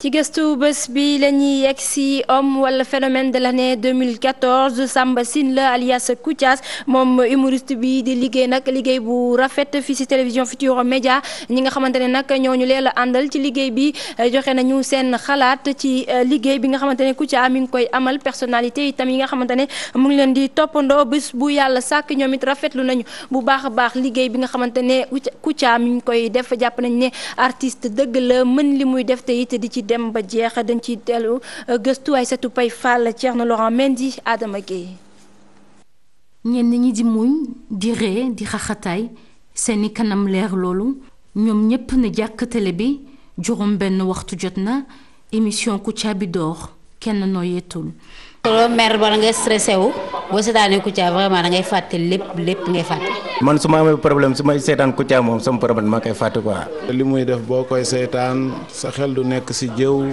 ci gëstu bés bi la ñuy yegg si homme wala phénomène de l'année 2014 Samba Sine la alias Koutias moom humoriste bi di liggéey nag liggéey bu rafet fii si télévision Futurs Médias ñi nga xamante ne nag ñooñu leen la àndal ci liggéey bi eh, joxe nañu seen xalaat ci eh, liggéey bi nga xamante ne am mi ngi koy amal personnalité itam yi nga xamante ne mu ngi leen di toppandoo bés bu yàlla sàkk ñoom it rafetlu nañu bu baax a baax liggéey bi nga xamante ne am mi ngi koy def jàpp nañ ne artiste dëgg la mën li muy def te di ci. dem ba jeex dañ ciy dellu euh, gëstu Aïssatou Paye Fall Thierno Laurent Mendy Adama Gueye ñenn ñi di muñ di ree di xaxataay seeni kanam leer loolu ñoom ñépp na jàkk télé bi juróom benn waxtu jot na émission ku bi door kenn nooyeetul loolu mer bala nga stressé wu boo seetaanee Kouthia vraiment da ngay fàtte lépp lépp ngay fàtte. man su ma amee problème su may seetaan Kouthia moom sama problème dama koy fàtte quoi. li muy def boo koy seetaan sa xel du nekk si jëw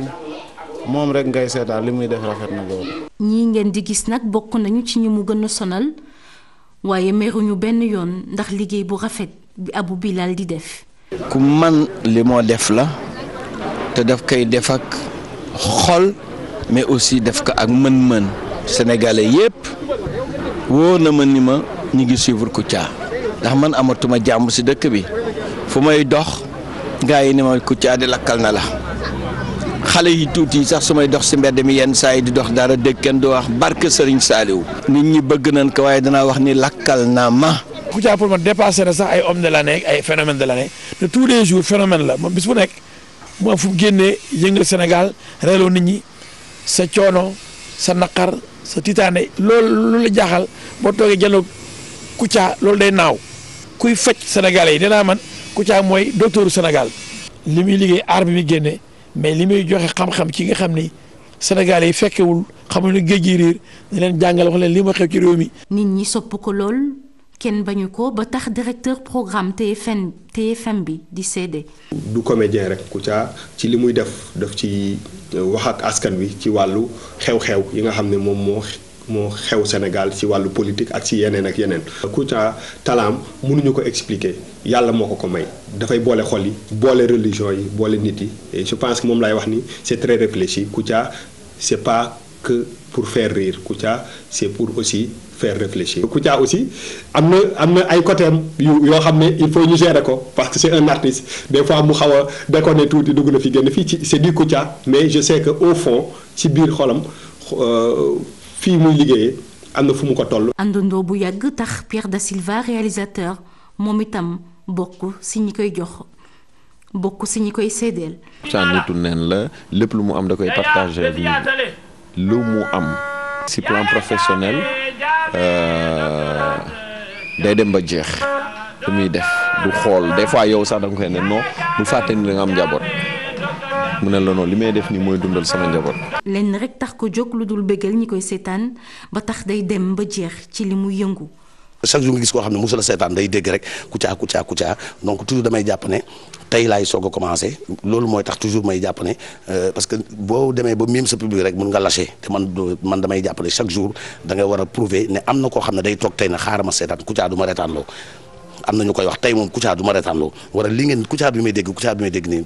moom rek ngay seetaan li muy def rafet na loolu. ñii ngeen di gis nag bokk nañu ci ñi mu gën a sonal waaye meruñu benn yoon ndax liggéey bu rafet bi Abou Bilal di def. ku man li moo def la te daf koy def ak xol. mais aussi def ko ak mën-mën sénégalais yépp wóor na ma ni ma ñu ngi suivre Kouthia ndax man amatuma jàmm si dëkk bi fu may dox gaa yi ni ma Kouthia di lakkal na la xale yi tuuti yi sax su may dox si mbedd mi yenn saa yi di dox dara dégg kenn du wax barke Serigne Saliou. nit ñi bëgg nañ ko waaye danaa wax ni lakkal na ma. Kouthia pour ma dépassé na sax ay homme de l'année ay phénomène de l'année te tous les jours phénomène la moom bis bu nekk mu fu génnee yëngal Sénégal reeloo sa coono sa naqar sa tiitaane loolu lu la jaaxal boo toogee janoog Kouthia loolu day naaw kuy faj Sénégalais yi danaa man Kouthia mooy docteuru Sénégal li muy liggéey aar bi muy génne mais li muy joxe xam-xam ci nga xam ni Sénégalais yi fekkewul xamuñu géej gi réer ñu leen jàngale wax leen li ma xew ci réew mi. nit ñi sopp ko lool. kenn bañu ko ba tax directeur programme TFM TFM bi di seede. du comédien rek Kouthia ci li muy def daf ci euh, wax ak askan wi ci wàllu xew-xew yi nga xam ne moom moo moo xew Sénégal ci wàllu politique ak ci yeneen ak yeneen. Kouthia talaam mënuñu ko expliquer yàlla moo ko ko may dafay boole xol yi boole religion yi boole nit yi je pense que moom lay wax ni c'est très réfléchi Kouthia c'est pas que pour faire ku ca c'est pour aussi. faire réfléchir. Kouthia aussi am na am na ay côté am yoo xam ne il faut ñu gérer ko parce que c'est un artiste des fois mu xaw a déconné tuuti dugg na fi génn fii ci c'est du Kouthia mais je sais que au fond ci biir xolam euh, fii muy liggéeyee am na fu mu ko toll. àndandoo bu yàgg tax Pierre Da Silva réalisateur moom itam bokk si ñi koy jox bokk si ñi koy séddeel. saa nitu neen la lépp lu mu am da koy partagé lu mu am. si plan professionnel. Euh, day dem ba jeex lu muy def du xool de fois yow sax da nga koy ne non bu fàtte ni da nga am njaboot mu ne lonoo li may def nii mooy dundal sama njaboot. lenn rek tax ko jóg lu dul bëggal ñi koy seetaan ba tax day dem ba jeex ci li muy yëngu. chaque jour nga gis koo xam ne mosul a seetaan day dégg rek kucaa kucaa kucaa donc toujours damay jàpp ne tey laay soo a commencé loolu mooy tax toujours may jàpp ne euh, parce que boo demee ba miim sa public rek mun nga lâché te man man damay jàpp ne chaque jour da war a prouver ne am na koo xam ne day toog tey na xaaral ma seetaan Kouthia du ma retaan loo am na ñu koy wax tey moom Kouthia du ma retaan loo wala li ngeen Kouthia bi may dégg Kouthia bi may dégg nii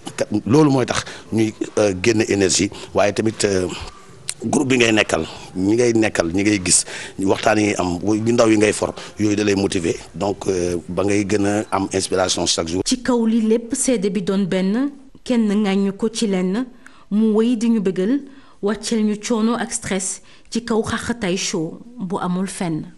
loolu mooy tax ñuy euh, génn énergie waaye tamit. Euh, groupe bi ngay nekkal ñi ngay nekkal ñi ngay gis waxtaan yi am ñu ndaw yi ngay for yooyu da lay donc euh, ba ngay gën a am inspiration chaque jour. ci kaw lii lépp seede bi doon benn kenn ŋàññu ko ci lenn mu wéy di ñu bëggal wàcceel ñu coono ak stress ci kaw xaxatay show bu amul fenn.